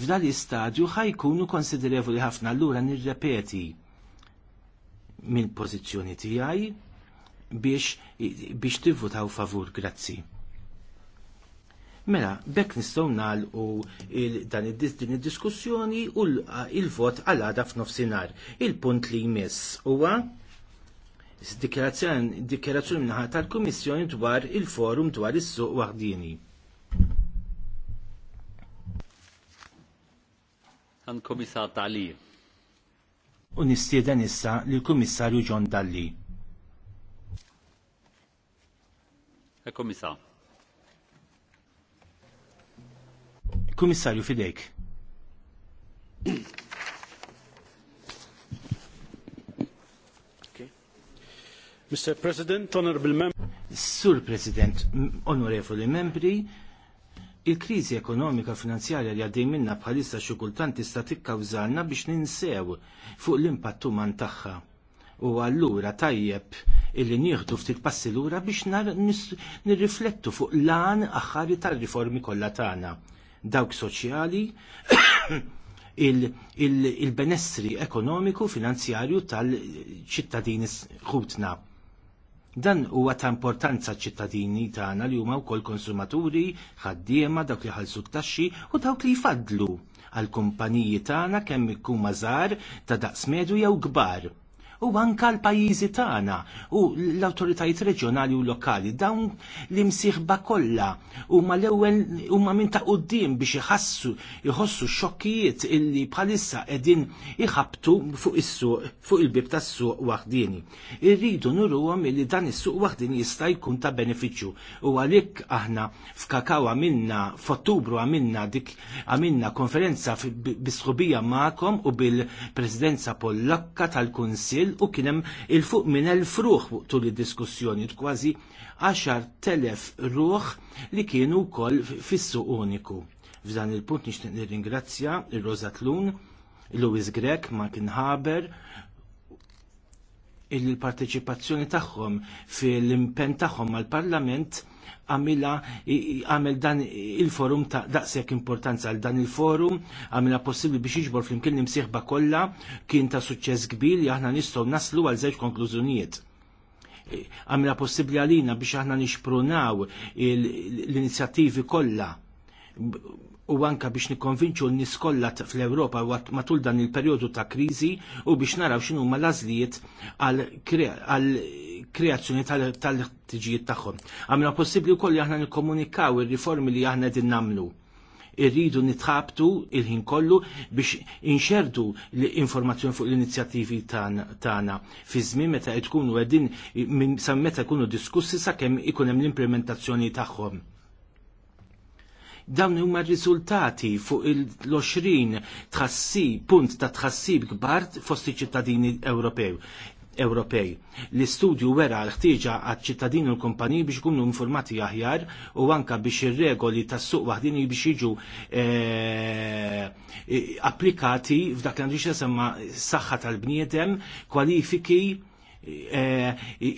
f'dan l-istadju ħajkunu konsiderevoli ħafna allura nirrepeti minn pożizzjoni tiegħi biex, biex tivvutaw favur, grazzi. Mela, bekk nistgħu nagħlqu dan din id-diskussjoni u l vot għal-għada f'nofsinhar. Il-punt li jmiss huwa dikjerazzjoni minnaħat tal-Kummissjoni dwar il-forum dwar is-suq waħdini. an komissar Dalli. U nistieden issa l-komissarju John Dalli. Herr komissar. Komissarju fidejk. Mr. President, Honorable Members. Sur President, Honorable Membri, Il-kriżi ekonomika finanzjarja li għaddej minna bħalissa xukultant tista' tikkawżalna biex ninsew fuq l-impatt uman tagħha. U allura tajjeb illi nieħdu ftit passi lura biex nirriflettu fuq lan aħħari tal-riformi kollha tagħna. Dawk soċjali, il-benessri ekonomiku finanzjarju tal-ċittadini ħutna Dan huwa ta' importanza ċittadini tagħna li huma wkoll konsumaturi, ħaddiema dawk li ħallsu t-taxxi u dawk li jfadlu għall kumpaniji tagħna kemm ikun mażar ta' daqs medju jew kbar u anka l-pajjiżi tagħna u l-awtoritajiet reġjonali u lokali dawn li msiħba kollha huma l-ewwel huma minn ta' quddiem biex iħassu iħossu xokkijiet illi bħalissa qegħdin iħabtu fuq is-suq fuq il-bib tas-suq waħdini. Irridu nurruhom illi dan is-suq waħdini jista' jkun ta' benefiċċju u għalhekk aħna f'Kakaw għamilna f'Ottubru għamilna dik għamilna konferenza bisħubija magħkom u bil-Presidenza Pollakka tal-Kunsill u kien hemm il-fuq minn elf fruħ tul id-diskussjoni kważi 10,000 ruħ li kienu wkoll fissu uniku. F'dan il-punt nixtieq nirringrazzja il-Rosatlun, Louis Grek, Martin Haber, il-parteċipazzjoni tagħhom fil-impenn tagħhom mal-Parlament għamila għamil dan il-forum ta' daqsek importanza għal dan il-forum għamila possibli biex iġbor fl-imkien kollha kien ta' suċċess kbir li aħna nistgħu naslu għal żewġ konklużjonijiet. E, għamila possibli għalina biex aħna nixprunaw l-inizjattivi kollha u anka biex nikkonvinċu n-nis kollha fl-Ewropa matul dan il-perjodu ta' kriżi u biex naraw x'inhu l-għażlijiet għal kreazzjoni tal-ħtiġijiet tagħhom. Għamna possibbli wkoll li aħna nikkomunikaw ir-riformi li aħna din nagħmlu irridu nitħabtu il-ħin kollu biex inxerdu l-informazzjoni fuq l-inizjattivi tagħna fi żmien meta tkunu qegħdin sa meta jkunu diskussi sakemm ikun hemm l-implementazzjoni tagħhom. Dawn huma r-riżultati fuq il-20 tħassib, punt ta' tħassib kbar fost iċ-ċittadini Ewropew. Ewropej. L-istudju wera l-ħtieġa għad ċittadini u l-kumpaniji biex kunu informati aħjar u anka biex ir-regoli tas-suq waħdini biex jiġu eh, applikati f'dak l-għandu semma saħħa tal-bniedem, kwalifiki, Eh,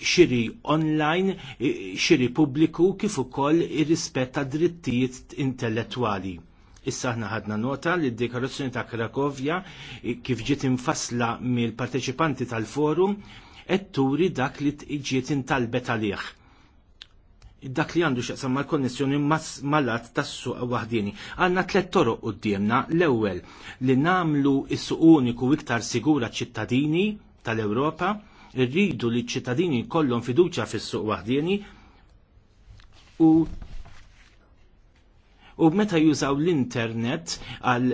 xiri online, eh, xiri pubbliku kif ukoll ir-rispett ta' drittijiet intellettwali. Issa ħna ħadna nota li d-dekorazzjoni ta' Krakovja eh, kif ġiet infasla mill-parteċipanti tal-forum qed turi dak li ġiet intalbet għalih. Dak li għandu xaqsam mal konnessjoni mal-lat tas-suq waħdini. Għanna tlet toroq quddiemna, l-ewwel li namlu is-suq uniku iktar sigura ċittadini tal-Ewropa, rridu li ċ-ċittadini kollhom fiduċja fis-suq waħdieni u u meta jużaw l-internet għal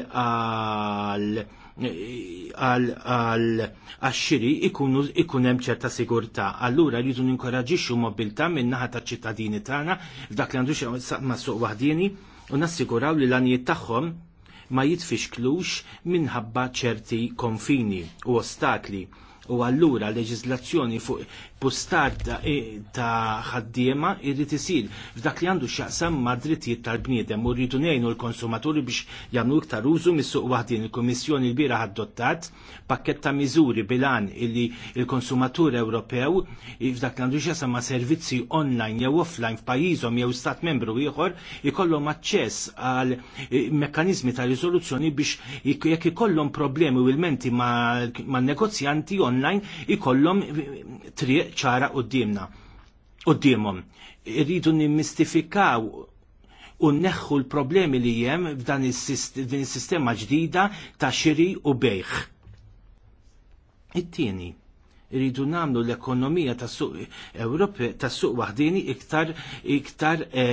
għal għaxxiri ikun hemm ċerta sigurtà. Allura rridu ninkoraġixxu mobilità min-naħa taċ-ċittadini tagħna f'dak li għandux ma' suq waħdieni u nassiguraw li l-għanijiet tagħhom ma jitfixklux minħabba ċerti konfini u ostakli u allura leġiżlazzjoni fuq postar e- ta' ħaddiema irrid isir f'dak li għandu x'jaqsam ma' drittijiet tal-bniedem u rridu ngħinu l-konsumaturi biex jagħmlu iktar użu mis-suq waħdin. Il-Kummissjoni l-bira adottat pakket ta' miżuri bilan illi il-konsumatur Ewropew f'dak li għandu x'jaqsam ma' servizzi online jew offline f'pajjiżhom jew stat membru ieħor ikollhom aċċess għal e, mekkaniżmi ta' riżoluzzjoni biex jekk ikollhom problemi u ilmenti ma' negozjanti online ikollhom e, triq ċara qoddimna. Qoddimhom. Irridu nimmistifikaw u neħħu l-problemi li jem f'dan is-sistema ġdida ta' xiri u bejħ. It-tieni, rridu namlu l-ekonomija ta' suq Ewropi ta' suq waħdini iktar iktar e,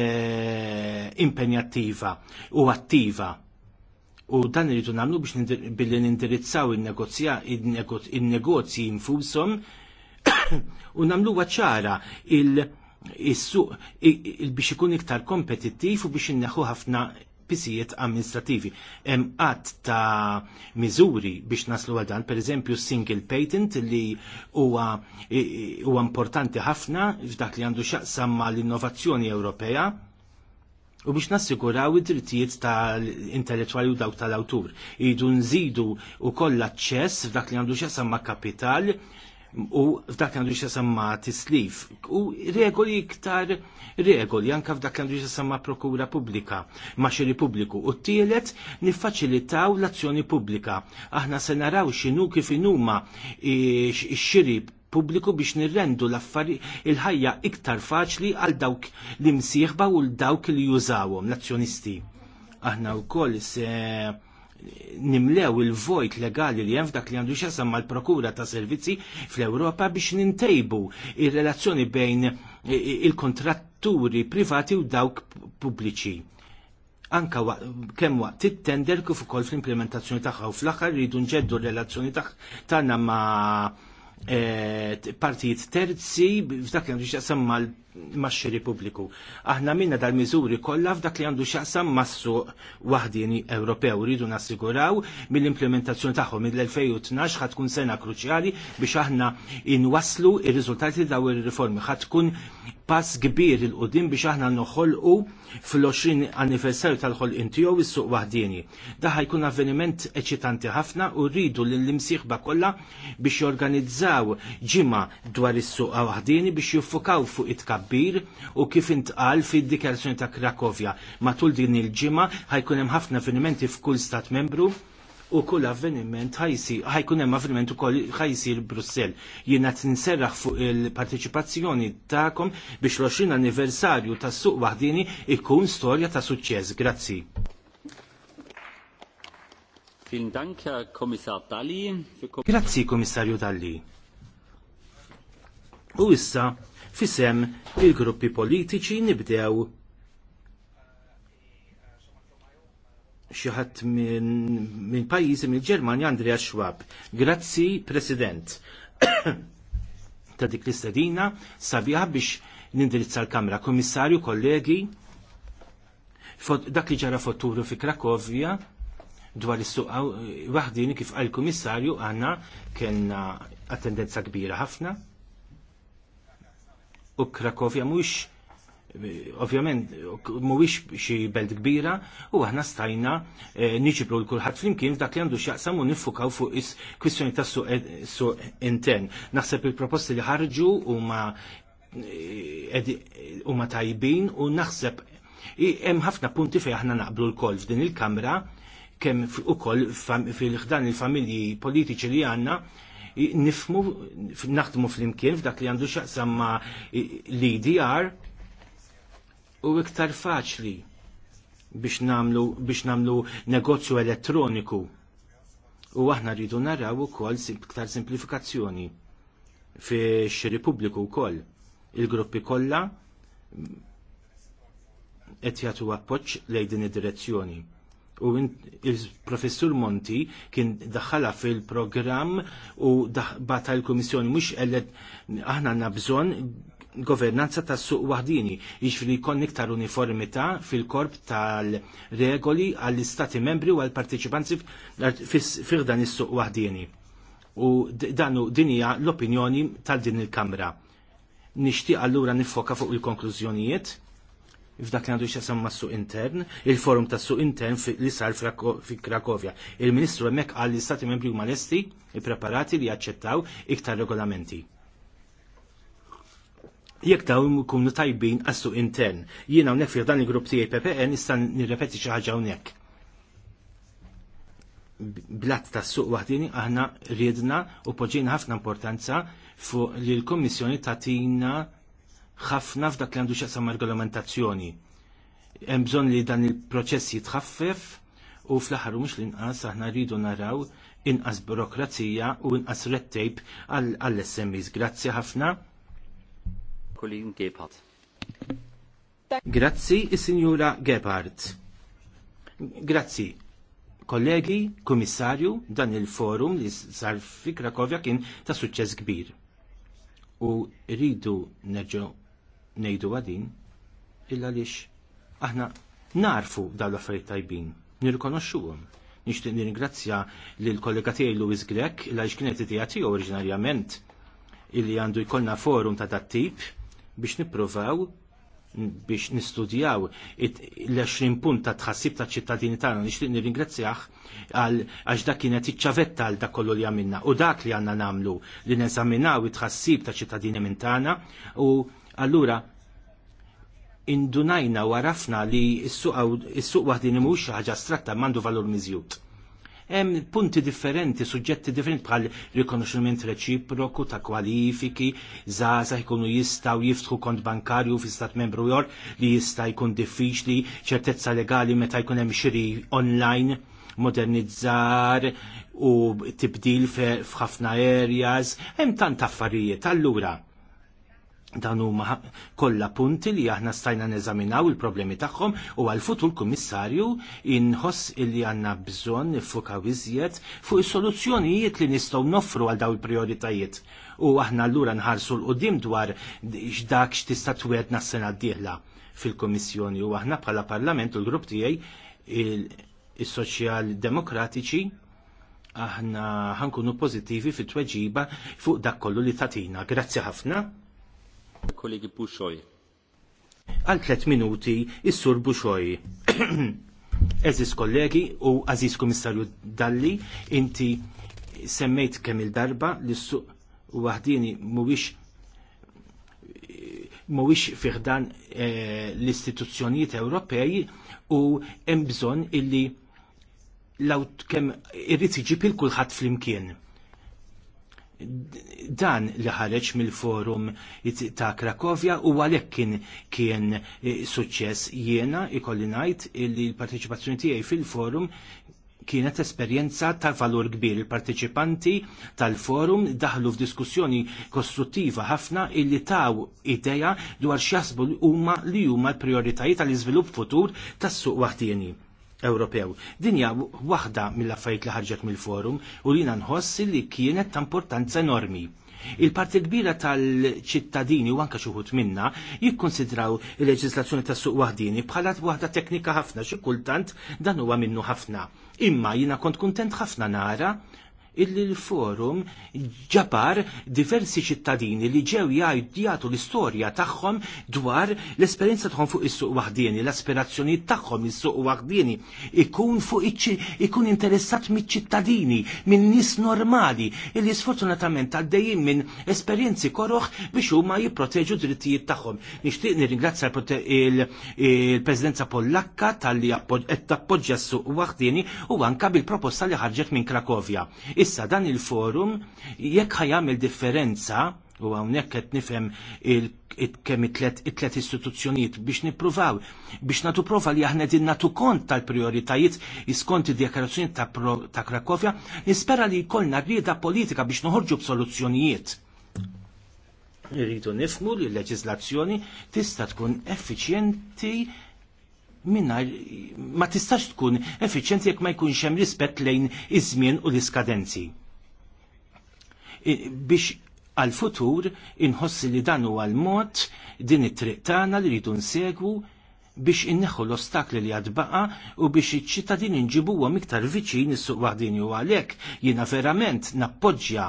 impenjattiva u attiva. U dan irridu namlu biex billi nindirizzaw il-negozji infushom u namlu ċara il- il-suq biex ikun iktar kompetittiv u biex inneħu ħafna pisijiet amministrativi. Hemm qatt ta' miżuri biex naslu għal dan, pereżempju single patent li huwa huwa importanti ħafna f'dak li għandu x'aqsam mal-innovazzjoni Ewropea u biex nassiguraw id-drittijiet tal-intellettuali u dawk tal-awtur. Idu nżidu u koll aċċess f'dak li għandu x'aqsam ma' kapital u f'dak għandu samma tislif u regoli iktar regoli anka f'dak għandu samma prokura pubblika ma publiku. pubbliku u t-tielet niffaċilitaw l-azzjoni pubblika aħna se naraw xinu kif inuma xiri pubbliku biex nirrendu l-affari il-ħajja iktar faċli għal dawk li msieħba u l-dawk li jużawhom l-azzjonisti aħna wkoll se nimlew il-vojt legali li hemm f'dak li għandu xasam mal-prokura ta' servizzi fl-Ewropa biex nintejbu il relazzjoni bejn il-kontratturi privati u dawk pubbliċi. Anka wa, kemm waqt it-tender kif ukoll fl-implementazzjoni tagħha u fl-aħħar rridu nġeddu r-relazzjoni tagħna ma' eh, partijiet terzi f'dak li għandu xasam mal maċ-xiri pubbliku. Aħna minna dal-miżuri kollha f'dak li għandu x'aqsam massu suq waħdini Ewropew rridu nassiguraw mill-implementazzjoni tagħhom mill-2012 ħad tkun sena kruċjali biex aħna inwaslu ir-riżultati daw ir-riformi. Ħad tkun pass kbir il-qudiem biex aħna noħolqu fl-20 anniversarju tal-ħolqin tiegħu is-suq waħdini. Da ħajkun avveniment eċitanti ħafna u rridu lill-imsieħba kollha biex jorganizzaw ġimgħa dwar is-suq waħdini biex jiffukaw fuq it-kab tkabbir u kif intqal fid-dikjarazzjoni ta' Krakovja. Matul din il-ġimgħa ħajkun hemm ħafna avvenimenti f'kull stat membru u kull avveniment ħajkun hemm avveniment ukoll ħajsir Brussell. Jiena tinserraħ fuq il-parteċipazzjoni tagħkom biex l-20 anniversarju tas-suq waħdini ikun storja ta' suċċess. Grazzi. Vielen Dank, Herr Kommissar Dalli. Grazie, Kommissarju Dalli. U issa fisem il-gruppi politiċi nibdew xieħat minn min pajizi minn Ġermanja Andrea Schwab. Grazzi, President. ta' dik l-istadina sabiħa biex nindirizza l-Kamra. Komissarju, kollegi, dak li ġara fotturu fi Krakovja dwar is-suq waħdini kif għal-Komissarju għanna kena attendenza kbira ħafna u Krakovja mhux ovvjament mhuwiex xi belt kbira u aħna stajna eh, niġibru l kulħadd flimkien f'dak li għandu x'jaqsam u niffukaw fuq is-kwistjoni ta' e-, suq intern. Naħseb il-proposti li ħarġu huma eh, huma tajbin u naħseb hemm ħafna punti fejn aħna naqblu l-kol f'din il-kamra kemm ukoll fil-ħdan il-familji politiċi li għandna nifmu naħdmu fl-imkien f'dak li għandu xaqsam ma' l-IDR u iktar faċli biex namlu, biex namlu negozju elettroniku. U aħna rridu naraw ukoll iktar simplifikazzjoni fix u wkoll. Il-gruppi kollha qed jagħtu appoġġ lejn din id-direzzjoni u il-professur Monti kien daħħala fil-programm u bata l-Komissjoni mux għellet aħna nabżon governanza ta' suq wahdini, jiġri jkun iktar uniformità fil-korp tal-regoli għall-istati membri u għall partiċipanzi fil-dan is-suq wahdini. U danu dinija l-opinjoni tal-din il-Kamra. Nixtieq allura nifoka fuq il-konklużjonijiet f'dak li għandu xasam ma' suq intern, il-forum ta' suq intern li sar fi Krakovja. Il-ministru emmek għal li stati membri malesti i-preparati li jaċċettaw iktar regolamenti. Jek daw kunu tajbin għas suq intern. Jiena unnek fi dan il-grupp tijaj PPN istan nirrepeti xaħġa unnek. Blatt ta' suq waħdini aħna rridna u poġġina ħafna importanza fuq li l komissjoni tatina ħafna f'dak li għandu xaqsam regolamentazzjoni. Hemm bżonn li dan il-proċess jitħaffef u fl-aħħar mhux l-inqas aħna rridu naraw inqas burokrazija u inqas red tape għall-SMEs. Grazzi ħafna. Kulin Gebhardt. Grazzi, is-Sinjura Gebhardt. Grazzi, kollegi, komissarju, dan il-forum li sar fi Krakovja kien ta' suċċess kbir. U rridu nerġo' nejdu għadin illa lix aħna narfu dal-affarijiet tajbin, nirkonoxxuhom. Nixtieq nirringrazzja lil kollega tiegħi Louis Grek għaliex kienet idea tiegħu oriġinarjament illi għandu jkollna forum ta' dat tip biex nippruvaw biex nistudjaw l-20 punt ta' tħassib ta' ċittadini tagħna nixtieq nirringrazzjah għal għax dak kienet iċċavetta għal dak kollu li għamilna u dak li għandna nagħmlu li neżaminaw it-tħassib ta' ċittadini minn tagħna u Allura, indunajna u għarafna li s-suq waħdini mhux ħaġa stratta mandu valur miżjud. Hemm punti differenti, suġġetti differenti bħal rikonoxximent reċiproku ta' kwalifiki, żgħażagħ jkunu jistaw jiftħu kont bankarju fi stat membru jor li jista' jkun diffiċli, ċertezza legali meta jkun hemm xiri online, modernizzar u tibdil f'ħafna areas, hemm tant affarijiet. Allura, dan huma kollha punti li aħna stajna neżaminaw il-problemi tagħhom u għal futur kummissarju inħoss illi għandna bżonn nifukaw iżjed fuq is-soluzzjonijiet li nistgħu noffru għal daw il-prijoritajiet. U aħna allura nħarsu l-qudiem dwar x'dak x'tista' twedna s-sena d-dieħla fil-Kummissjoni u aħna bħala Parlament u l-grupp tiegħi is-Soċjal Demokratiċi aħna ħankunu pożittivi fit-tweġiba fuq dak kollu li tatina. Grazzi ħafna. Kollegi Buxoj. Għal tlet minuti, is-sur Buxoj. Eżis kollegi u għaziz komissarju Dalli, inti semmejt kemm il-darba li s-suq waħdini mhuwiex mhuwiex fiħdan e, eh, l-istituzzjonijiet Ewropej u hemm bżonn illi law kemm irrid iġib il kulħadd flimkien dan li ħareġ mill-forum ta' Krakovja u għalhekk kien kien eh, suċċess jiena ikolli ngħid li l-parteċipazzjoni tiegħi fil-forum kienet esperjenza ta' valur kbir. Il-parteċipanti tal-forum daħlu f'diskussjoni kostruttiva ħafna illi taw ideja dwar x'jasbu huma li huma l-prijoritajiet tal-iżvilupp futur tas-suq waħdieni Ewropew. Dinja waħda mill-affarijiet li ħarġet mill-forum u li nħoss li kienet ta' importanza enormi. Il-parti kbira tal-ċittadini u anka xuħut minna jikkonsidraw il-leġislazzjoni tas suq wahdini bħala waħda teknika ħafna xi kultant dan huwa minnu ħafna. Imma jina kont kuntent ħafna nara illi l-forum ġabar diversi ċittadini li ġew jgħidu l-istorja tagħhom dwar l-esperjenza tagħhom fuq is-suq waħdieni, l-aspirazzjonijiet tagħhom is-suq waħdieni ikun fuq ikun interessat miċ-ċittadini, minn nies normali illi sfortunatament għaddejjin minn esperjenzi koroħ biex huma jipproteġu drittijiet tagħhom. Nixtieq nirringrazzja l presidenza Pollakka tal-li qed tappoġġja s-suq waħdieni u anka bil-proposta li ħarġet minn Krakovja Issa dan il-forum jekk jagħmel differenza u għawnek qed nifhem kemm it-tlet istituzzjonijiet biex nippruvaw biex natu prova li aħna din natu kont tal-prioritajiet iskont id-dekarazzjoni ta', ta Krakofja, nispera li jkollna rieda politika biex noħorġu b'soluzzjonijiet. Irridu nifmu li l-leġislazzjoni tista' tkun effiċjenti minna ma tistax tkun effiċenti jekk ma jkunx hemm rispett lejn iż-żmien u l-iskadenzi. Biex għal-futur inħossi li dan huwa l-mod din it-triq tagħna li rridu nsegwu biex inneħħu l-ostakli li għadbaqa u biex iċ-ċittadini nġibuwa miktar viċin is-suq waħdini u għalhekk jiena verament nappoġġja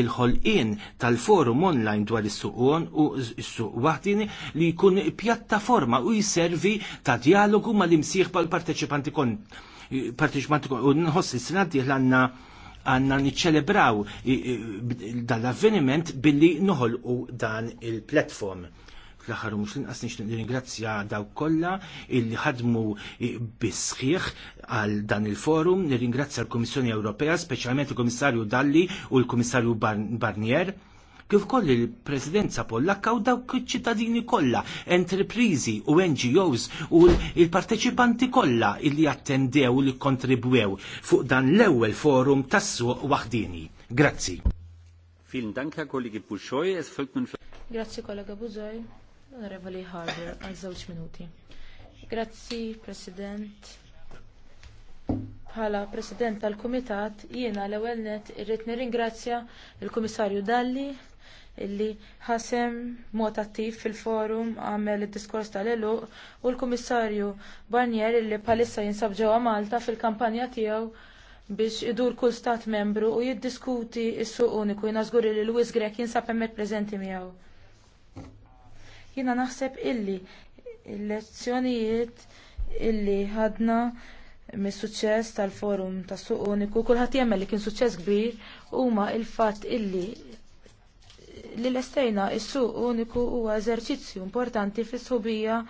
il-ħolqien tal-forum online dwar is suq u suq waħdini li jkun pjattaforma u jiservi ta' dialogu mal-imsieħ pal parteċipanti kon u nħoss is-sinati l-għanna għanna niċċelebraw dal-avveniment billi noħolqu dan il-platform fl-aħħar mhux linqas nix nirringrazzja dawk kollha illi ħadmu bisħiħ għal dan il-forum, nirringrazzja l-Kummissjoni Ewropea, speċjalment il-Kummissarju Dalli u l-Kummissarju Barnier kif koll il-presidenza pollakka u dawk iċ-ċittadini kollha, entreprizi u NGOs u il-parteċipanti kollha illi attendew li kontribwew fuq dan l-ewwel forum tassu waħdini. Grazzi. Vielen Dank, Herr Kollege Es folgt nun... Grazie, kollega Buzoj. Onorevoli Harbour, għal żewġ minuti. Grazzi, President. Bħala President tal-Kumitat, jiena l-ewwel net irrid nirringrazzja il-Kummissarju Dalli illi ħasem mod attiv fil-forum għamel id diskors tal-eluq u l-Kummissarju Barnier illi bħalissa jinsab ġewwa Malta fil-kampanja tiegħu biex idur kull stat membru u jiddiskuti s suq uniku jingħażgur li Lewis Grek jinsab hemmhekk preżenti miegħu. Jiena naħseb illi il-lezzjonijiet illi ħadna mis-suċċess tal-forum tas suq uniku, kulħadd jemmel li kien suċċess kbir huma l fatt illi li l-estejna is-suq uniku huwa eżerċizzju importanti fis-subija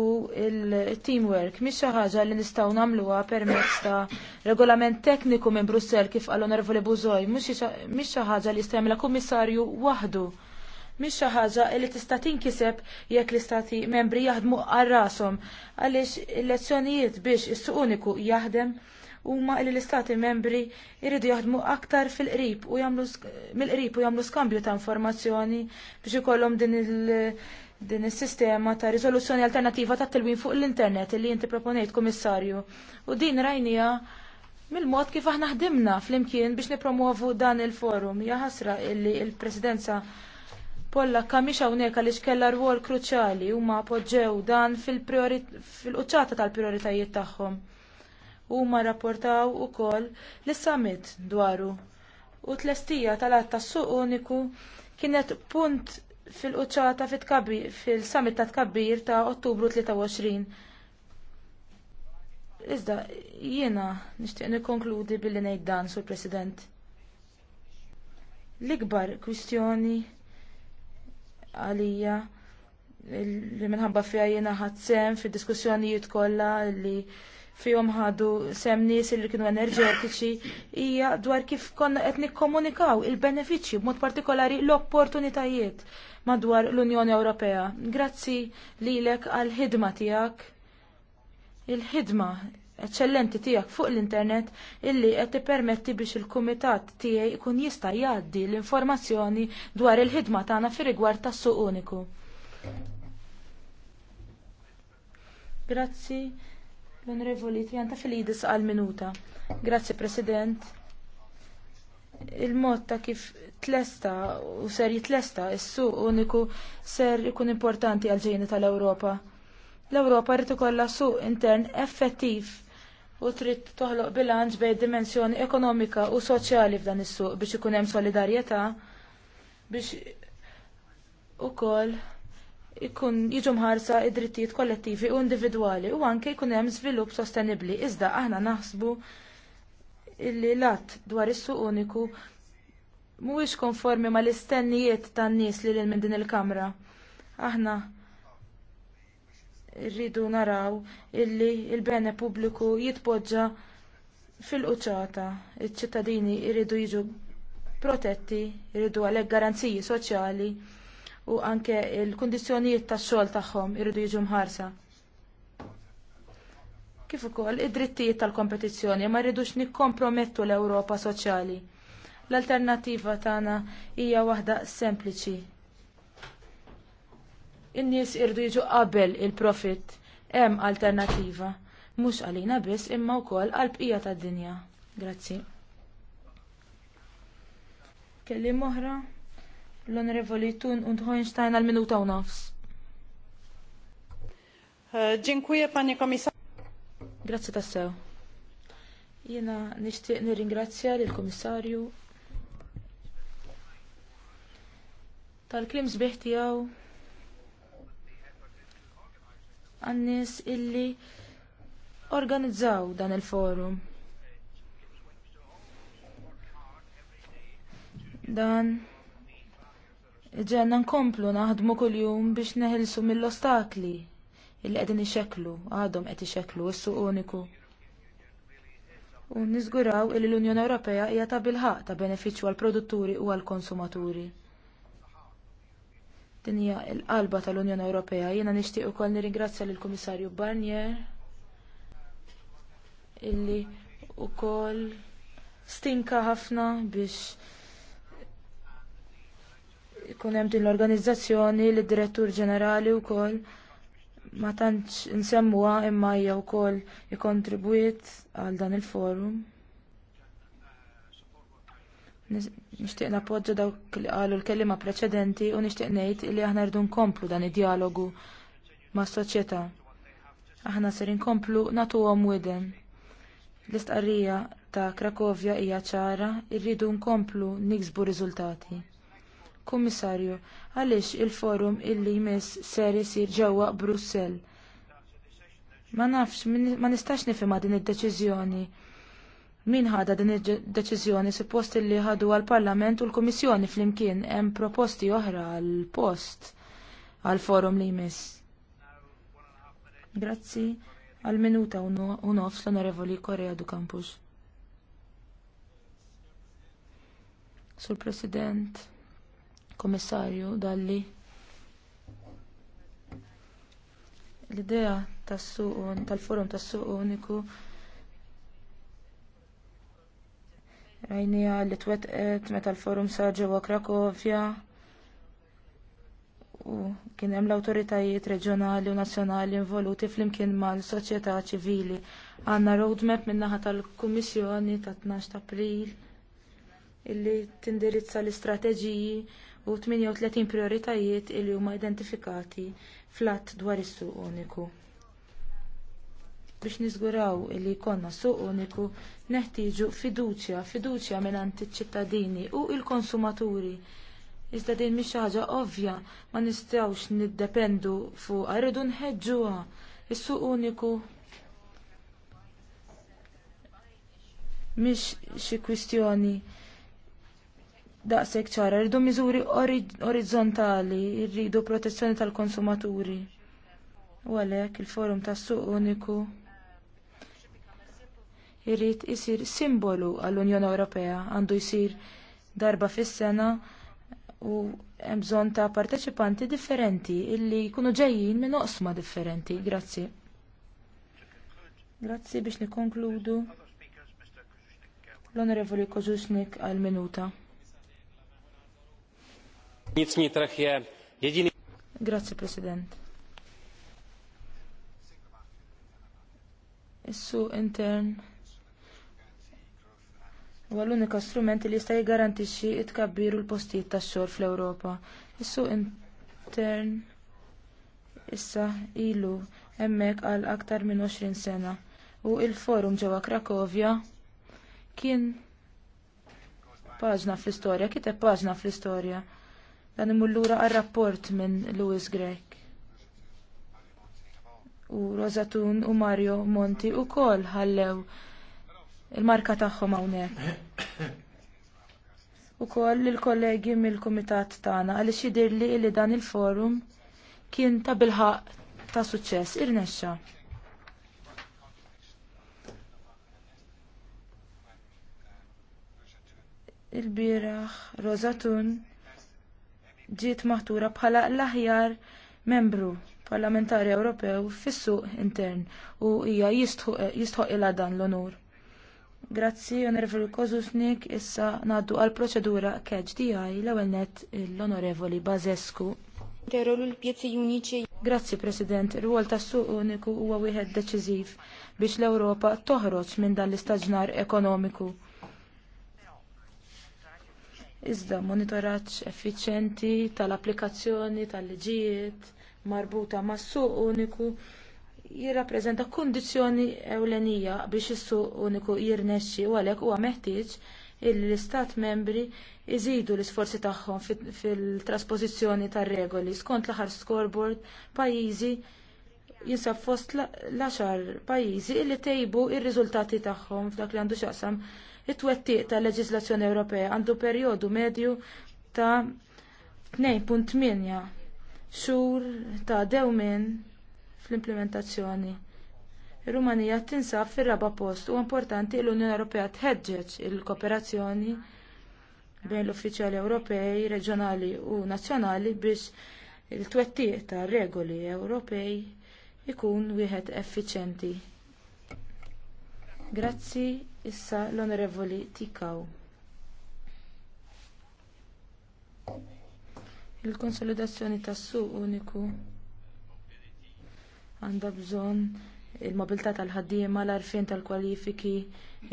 u il-teamwork mhix xi ħaġa li nistgħu nagħmluha permezz ta' regolament tekniku minn Brussell kif qal Onorevoli Bużoj, mhix xi ħaġa li jista' jagħmilha kummissarju waħdu mhix xi ħaġa li tista' tinkiseb jekk l-istati membri jaħdmu għal rashom għaliex il-lezzjonijiet biex is-suq uniku jaħdem huma li l-istati membri jridu jaħdmu aktar fil-qrib u jagħmlu mill-qrib u jagħmlu skambju ta' informazzjoni biex ikollhom din il- din is-sistema ta' riżoluzzjoni alternattiva ta' tilwin fuq l-internet li inti proponejt kummissarju. U din rajnija mill-mod kif aħna ħdimna fl-imkien biex nipromovu dan il-forum. Ja ħasra illi il-presidenza Polla kamix hawnhekk għaliex kellha rwol u huma poġġew dan fil-quċċata tal-prijoritajiet tagħhom. Huma rrapportaw ukoll lis-summit dwaru u t-lestija tal-att tas-suq uniku kienet punt fil-quċċata fil-summit ta' tkabbir ta' Ottubru 23. Iżda jiena nixtieq nikkonkludi billi ngħid dan, Sur President. L-ikbar kwistjoni għalija li minħabba fija jena ħadsem fid diskussjonijiet kollha li fihom ħadu sem nies li kienu enerġetiċi hija dwar kif konna qed nikkomunikaw il-benefiċċji b'mod partikolari l-opportunitajiet madwar l-Unjoni Ewropea. Grazzi lilek għall ħidma tiegħek il-ħidma eċċellenti tiegħek fuq l-internet illi qed tippermetti biex il-kumitat tiegħi jkun jista' jgħaddi l-informazzjoni dwar il-ħidma tagħna fi rigward tas-suq uniku. Grazzi l-Onorevoli Tjanta Filidis għal minuta. Grazzi President. Il-mod ta' kif tlesta u ser jitlesta is-suq uniku ser ikun importanti għal ġejni tal-Ewropa l-Ewropa rrid ikollha suq intern effettiv u trid toħloq bilanċ bejn dimensjoni ekonomika u soċjali f'dan is-suq biex ikun hemm solidarjetà biex ukoll ikun jiġu mħarsa id-drittijiet kollettivi u individwali u anke jkun hemm żvilupp sostenibbli. Iżda aħna naħsbu illi lat dwar is-suq uniku mhuwiex konformi mal istennijiet tan-nies li lil minn din il-Kamra. Aħna rridu naraw illi l il bene pubbliku jitpoġġa fil-quċċata. Iċ-ċittadini jridu jiġu protetti, jridu għalhekk garanziji soċjali u anke l kundizzjonijiet tax-xogħol tagħhom iridu jiġu mħarsa. Kif ukoll id-drittijiet tal-kompetizzjoni ma rridux nikkompromettu l-Ewropa soċjali. L-alternattiva tagħna hija waħda sempliċi in-nies irdu jiġu qabel il-profit hemm alternattiva mhux għalina biss imma wkoll għall bqija tad-dinja. Grazzi. Kelli moħra l-Onorevoli Tun und Hoinstein għal minuta u nofs. Eh, dziękuję panie komisarzu. Grazzi tassew. Jiena nixtieq nirringrazzja lill kummissarju tal-klim sbieħ tiegħu għannis illi organizzaw dan il-forum. Dan ġenna nkomplu naħdmu kull-jum biex neħilsu mill-ostakli illi qegħdin ixekklu, għadhom qed ixekklu s-suq uniku. U niżguraw illi l-Unjoni Ewropea hija ta' bilħaq ta' benefiċċju għall produtturi u għall konsumaturi. Din hija l-qalba tal-Unjoni Ewropea. Jiena nixtieq ukoll nirringrazzja lill kummissarju Barnier illi ukoll stinka ħafna biex ikun hemm din l-organizzazzjoni li direttur ġenerali wkoll ma tantx insemmuha imma hija wkoll ikkontribwiet għal dan il-forum. Nixtieq nappoġġa dawk li qalu l-kelima preċedenti u nixtieq ngħid li aħna rridu nkomplu dan id-dialogu mas-soċjetà. Aħna ser inkomplu nagħtuhom widen. L-istqarrija ta' Krakovja hija ċara, rridu nkomplu niksbu riżultati. Kummissarju, għaliex il-forum illi jmiss ser isir ġewwa Brussell. Ma nafx, ma nistax nifhimha din id-deċiżjoni. Min ħada din id-deċiżjoni suppost li ħadu għal-Parlament u l-Kummissjoni flimkien hemm proposti oħra għal-post għal-forum li jmiss. Grazzi għal-minuta u nofs l-Onorevoli Korea du Campus. Sur President, Komissarju, Dalli. L-idea tas tal-forum tas-suq uniku għajnija li twetqet meta l-forum sar ġewwa Krakovja u kien hemm l-awtoritajiet reġjonali u nazzjonali involuti flimkien mal-soċjetà ċivili. Għandna roadmap min-naħa tal-Kummissjoni ta' 12 ta' April illi tindirizza l-istrateġiji u 38 prioritajiet illi huma identifikati fl-att dwar is-suq uniku biex niżguraw li jkollna suq uniku neħtieġu fiduċja, fiduċja mingħand iċ-ċittadini u l konsumaturi Iżda din mhix ħaġa ovvja ma nistgħux niddependu fuqha rridu nħeġġuha. Is-suq uniku mhix xi kwistjoni daqshekk ċara, rridu miżuri orizzontali, rridu protezzjoni tal-konsumaturi. U għalhekk il-forum tas-suq uniku irrid isir simbolu għall-Unjoni Ewropea għandu jsir darba fis-sena u hemm ta' parteċipanti differenti illi kunu ġejjin minn oqsma differenti. Grazzi. Grazzi biex nikkonkludu l-Onorevoli Kozusznik għal minuta. Grazzi President. Is-suq intern huwa l-unika strument li jista' jiggarantixxi t tkabbir u l-postijiet tax-xogħol fl-Ewropa. Is-suq intern issa ilu hemmhekk għal aktar minn 20 sena u l forum ġewwa Krakovja kien paġna fl-istorja, kiteb paġna fl-istorja. Dan imur lura għal-rapport minn Louis Grech. U Rosatun u Mario Monti u kol ħallew il-marka tagħhom hawnhekk. Ukoll il-kollegi mill-kumitat tagħna għaliex jidhirli li dan il-forum kien ta' bilħaq ta' suċċess irnexxa. Il-bieraħ Rosatun ġiet maħtura bħala l-aħjar membru parlamentari Ewropew fis-suq intern u hija jistħoq dan l-onur. Grazzi, onorevoli Kozusnik, issa naddu għal proċedura keġ DI l-ewel net l-onorevoli Bazescu. Grazzi, President, ruol ta' tas-suq uniku huwa wieħed deċiżiv biex l-Ewropa toħroġ minn dan l-istaġnar ekonomiku. Iżda monitoraġġ effiċenti tal-applikazzjoni tal-liġijiet marbuta mas-suq uniku jirrappreżenta kundizzjoni ewlenija biex is-suq uniku jirnexxi u għalhekk huwa meħtieġ li l-istat membri iżidu l-isforzi tagħhom fil-trasposizzjoni tar-regoli. Skont l-aħħar scoreboard pajjiżi jinsab fost l-axar pajjiżi illi tejbu r riżultati tagħhom f'dak li għandu x'jaqsam it-twettiq tal-leġiżlazzjoni Ewropea għandu perjodu medju ta' 2.8 xhur ta' dewmien fl-implementazzjoni. Ir-Rumanija tinsab fir-raba post u importanti l-Unjoni Ewropea tħeġġeġ il-kooperazzjoni bejn l-uffiċjali Ewropej, reġjonali u nazzjonali biex il-twettiq ta' regoli Ewropej ikun wieħed effiċjenti. Grazzi issa l-Onorevoli Tikaw. Il-konsolidazzjoni tas-suq uniku għandha bżonn il-mobilità tal-ħaddiema, l għarfien tal-kwalifiki,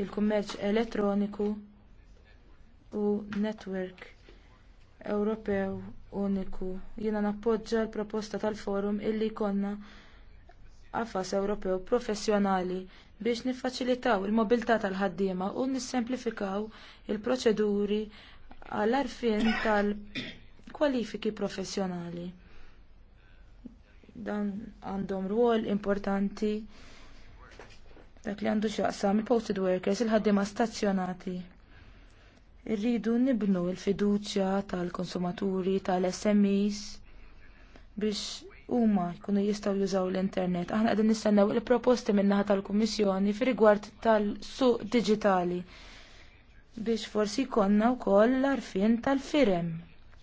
il-kummerċ elettroniku u netwerk Ewropew uniku. Jiena nappoġġa l-proposta tal-forum illi jkollna għafas Ewropew professjonali biex niffaċilitaw il-mobilità tal-ħaddiema u nissemplifikaw il-proċeduri għall għarfien tal-kwalifiki professjonali dan għandhom ruol importanti dak li għandu xaqsam il-posted workers il-ħaddima stazzjonati. Irridu nibnu il-fiduċja tal-konsumaturi, tal-SMEs biex huma jkunu jistgħu jużaw l-internet. Aħna qegħdin nistennew il-proposti min-naħa tal-Kummissjoni fi rigward tal-suq diġitali biex forsi jkollna wkoll l arfin tal-firem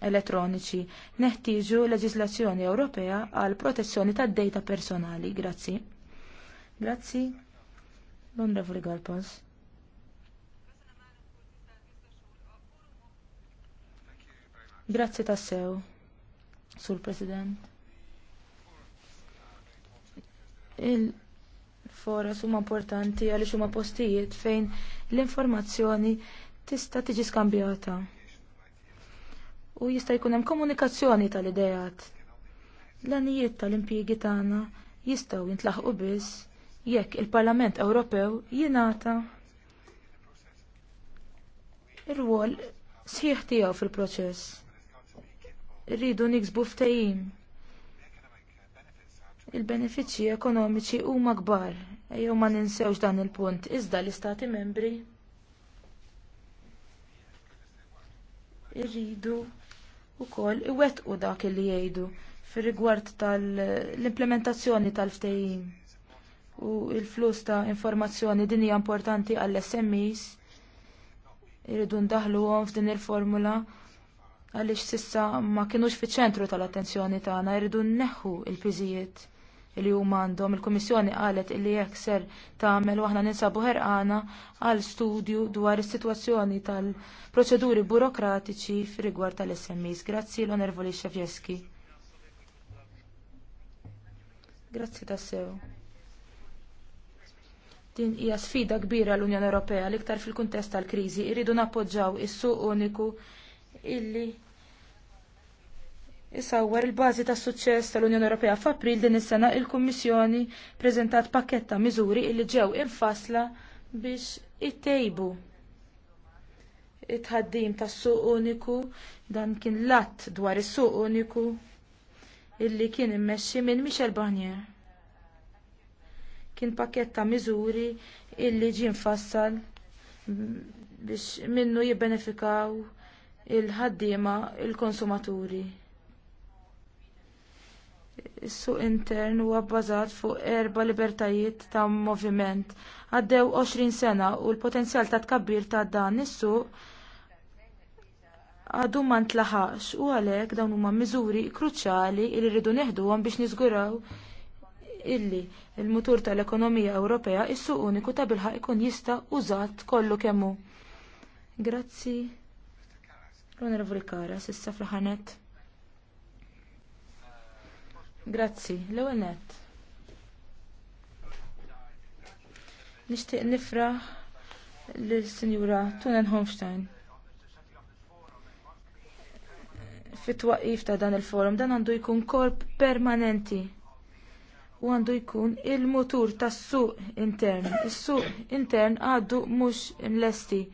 elettroniċi. Neħtieġu leġislazzjoni Ewropea għal protezzjoni tad dejta personali. Grazzi. Grazzi. L-Onorevoli Galpas. Grazzi tassew, Sur President. il fora huma importanti għaliex huma postijiet fejn l-informazzjoni tista' tiġi skambjata u jista' jkun hemm komunikazzjoni tal-idejat. L-anijiet tal-impjiegi tagħna jistgħu jintlaħqu biss jekk il-Parlament Ewropew jingħata ir-rwol sħiħ tiegħu fil-proċess. Irridu niksbu ftehim. Il-benefiċċji ekonomiċi huma kbar, ejjew ma ninsewx dan il-punt, iżda l-Istati membri irridu ukoll iwettqu dak li jgħidu fir-rigward tal-implementazzjoni tal-ftehim u l-flus ta' informazzjoni din hija importanti għall-SMEs irridu ndaħluhom f'din il-formula għaliex sissa ma kinux fiċ-ċentru tal-attenzjoni tagħna irridu nneħħu l-piżijiet li huma għandhom. Il-Kummissjoni qalet li jekk ser tagħmel aħna ninsabu ħerqana għal studju dwar is-sitwazzjoni tal-proċeduri burokratiċi f'rigward tal-SMEs. Grazzi l-Onervoli Xefjeski. Grazzi tassew. Din hija sfida kbira l-Unjoni Ewropea l-iktar fil-kuntest tal-kriżi irridu nappoġġaw is-suq uniku illi Isawwar il-bażi tas suċċess tal-Unjoni Ewropea f'April din is-sena il-Kummissjoni preżentat pakkett ta' miżuri li ġew infassla biex ittejbu it-ħaddim tas-suq uniku dan kien l-att dwar is-suq uniku illi kien immexxi minn Michel Barnier. Kien pakkett ta' miżuri illi ġie infassal biex minnu jibbenefikaw il-ħaddiema il-konsumaturi. il ħaddiema il konsumaturi Is-suq intern huwa bbażat fuq erba' libertajiet ta' moviment. Għaddew 20 sena u l-potenzjal ta' tkabbir ta' dan is-suq għadu ma ntlaħax u għalhekk dawn huma miżuri kruċjali li rridu neħduhom biex niżguraw illi l mutur tal-ekonomija Ewropea is-suq uniku ta' bilħaq ikun jista' użat kollu kemm hu. Grazzi. onorevoli Karas, issa fl-ħanet. Grazzi, l-ewwel nett. Nixtieq nifraħ lill-Sinjura Tunen Homstein. fit ta' dan il-forum dan għandu jkun korp permanenti u għandu jkun il-mutur tas-suq intern. Is-suq intern għadu mhux imlesti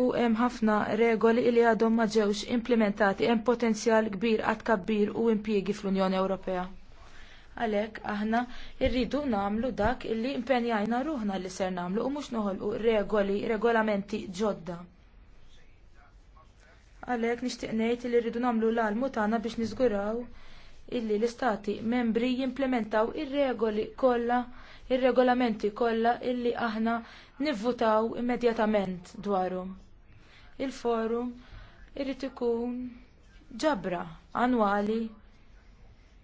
u hemm ħafna regoli li għadhom ma ġewx implementati hemm potenzjal kbir għad kabbir u impjiegi fl-Unjoni Ewropea. Għalhekk aħna rridu nagħmlu dak illi impenjajna ruħna li ser nagħmlu u mhux noħolqu regoli, regolamenti ġodda. Għalhekk nixtieq ngħid li rridu nagħmlu l-almu tagħna biex niżguraw illi l-istati membri jimplementaw ir-regoli kollha, ir-regolamenti kollha illi aħna nivvutaw immedjatament dwarhom il-forum irid ikun ġabra annwali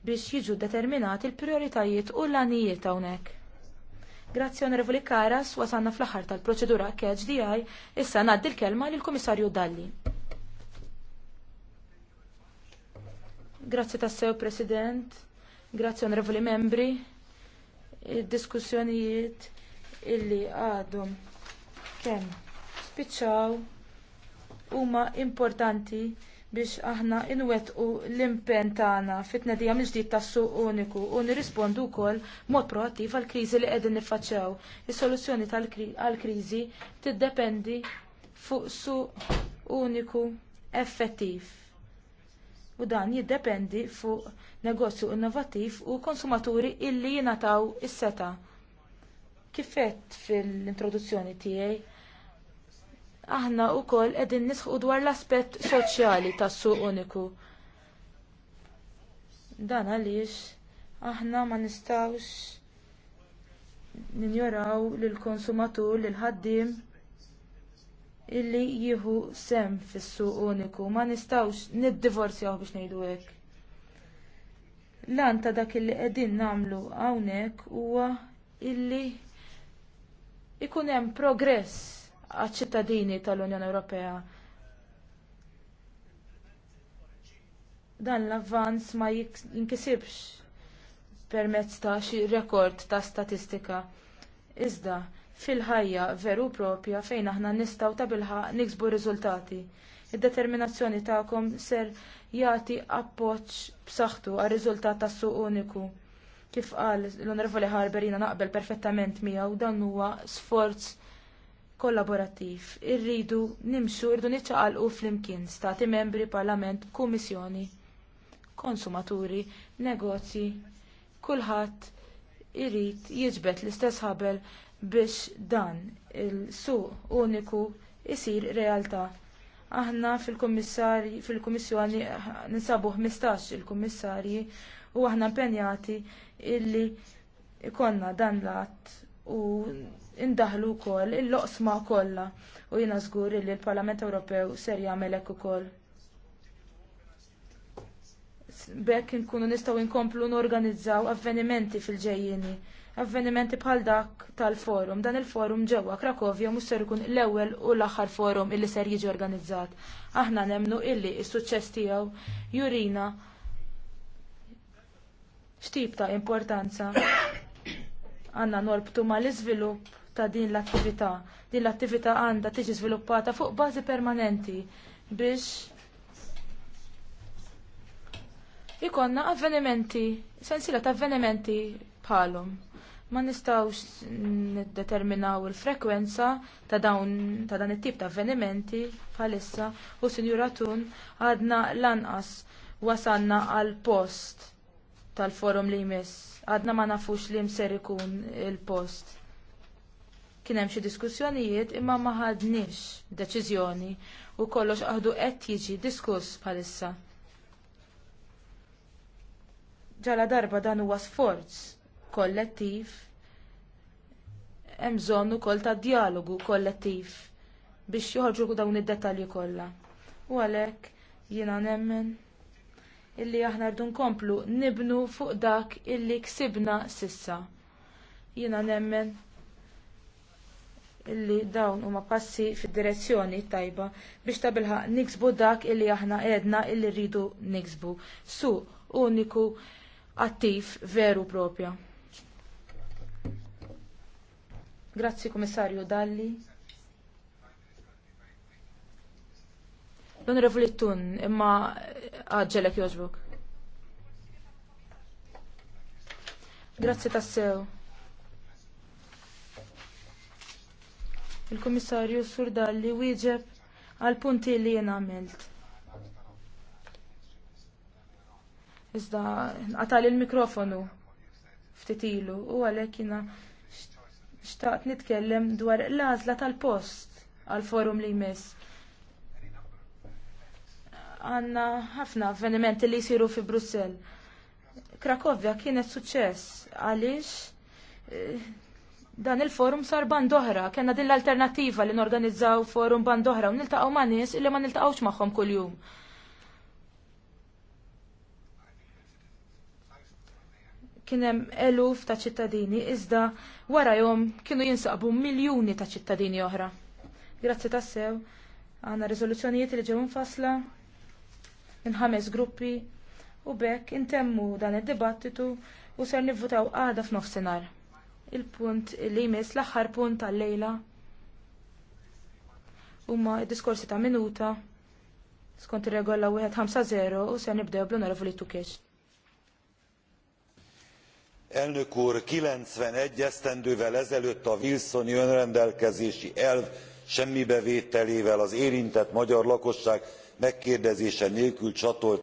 biex jiġu determinati l-prioritajiet u l-għanijiet hawnhekk. Grazzi Onorevoli Karas, wasanna fl-aħħar tal-proċedura KHDI, issa ngħaddi l-kelma lill kummissarju Dalli. Grazzi tassew President, grazzi Onorevoli Membri, il diskussjonijiet illi għadhom kemm spiċċaw huma importanti biex aħna inwettqu l-impenn tagħna fit-tnedija mill-ġdid tas-suq uniku u nirrispondu wkoll mod proattiv għall kriżi li qegħdin niffaċċjaw. Is-soluzzjoni tal-kriżi tiddependi fuq suq uniku effettiv. U dan jiddependi fuq negozju innovattiv u konsumaturi illi jingħataw is-seta. Kif għedt fil-introduzzjoni tiegħi aħna wkoll qegħdin nisħu dwar l-aspett soċjali tas-suq uniku. Dan għaliex aħna ma nistawx ninjoraw lill konsumatur l ħaddim illi jieħu sem fis-suq uniku, ma nistawx niddivorzjaw biex ngħidu hekk. Lan ta' dak illi qegħdin nagħmlu hawnhekk huwa illi ikun hemm progress għaċ-ċittadini tal-Unjoni Ewropea. Dan l-avvanz ma jinkisibx permezz ta' xi rekord ta' statistika. Iżda, fil-ħajja veru proprja fejn aħna nistgħu ta' bilħa niksbu riżultati. Id-determinazzjoni tagħkom ser jagħti appoġġ b'saħħtu għar-riżultat tas-suq uniku kif qal l-Onorevoli Harber naqbel perfettament miegħu dan huwa sforz kollaborattiv. Irridu nimxu, irridu niċċaqalqu flimkien stati membri, parlament, kummissjoni, konsumaturi, negozji, kulħadd irid jiġbed l-istess ħabel biex dan il-suq uniku isir realtà. Aħna fil-Kummissjoni ninsabu 15 il-Kummissarji u aħna impenjati illi ikonna dan l-att u indaħlu wkoll il-loqsma kollha u jiena zgur li l-Parlament Ewropew ser jagħmel hekk ukoll. B'hekk inkunu nistgħu nkomplu norganizzaw avvenimenti fil ġejjini avvenimenti bħal dak tal-forum. Dan il-forum ġewwa Krakovja mhux ser ikun l-ewwel u l-aħħar forum illi ser jiġi organizzat. Aħna nemnu illi s-suċċess tiegħu jurina x'tip ta' importanza għandna norbtu mal-iżvilupp ta' din l-attività. Din l-attività għandha tiġi sviluppata fuq bażi permanenti biex ikonna avvenimenti, sensiela ta' avvenimenti bħalhom. Ma nistawx determinaw il-frekwenza ta' dawn ta' dan it-tip ta' avvenimenti bħalissa u Sinjura Tun għadna lanqas wasanna għal post tal-forum li jmiss. Għadna ma nafux li mser ikun il-post Kien hemm xi diskussjonijiet imma ma ħadniex deċiżjoni u kollox aħdu qed jiġi diskuss bħalissa. Ġala darba dan huwa sforz kollettiv hemm bżonn ukoll ta' dialogu kollettiv biex joħorġu dawn id-dettalji kollha. U għalhekk jiena nemmen illi aħna rdu nkomplu nibnu fuq dak illi ksibna sissa. Jiena nemmen illi dawn huma passi fid-direzzjoni tajba biex ta' bilħaq niksbu dak illi aħna edna illi rridu niksbu. Su uniku attiv veru propja. Grazzi Kummissarju Dalli. L-Onorevoli Tun, imma għagġelek joġbuk. Grazzi tassew. il-Kummissarju Surdalli wieġeb għal punti li jien għamilt. Iżda għatali il mikrofonu ftit ilu u għalhekk jiena xtaqt nitkellem dwar l-għażla tal-post għall forum li jmiss għanna ħafna avvenimenti li jsiru fi Brussell. Krakovja kienet suċċess għaliex eh, dan il-forum sar band oħra, kena din l-alternativa li norganizzaw forum band oħra u niltaqgħu ma' nies illi ma niltaqgħux magħhom kuljum. Kien hemm eluf ta' ċittadini iżda jom kienu jinsaqbu miljuni ta' ċittadini oħra. Grazzi tassew, għandna riżoluzzjonijiet li ġew fasla, minn ħames gruppi u bekk intemmu dan id-dibattitu u ser nivvutaw għada f'nofsinhar il-punt li jmiss l axħar punt tal-lejla. Huma diskorsi ta' minuta skont ir-regola 0 u se nibdew bl li tukiex. Elnök úr, 91 esztendővel ezelőtt a Wilsoni önrendelkezési elv semmibevételével az érintett magyar lakosság megkérdezése nélkül csatolt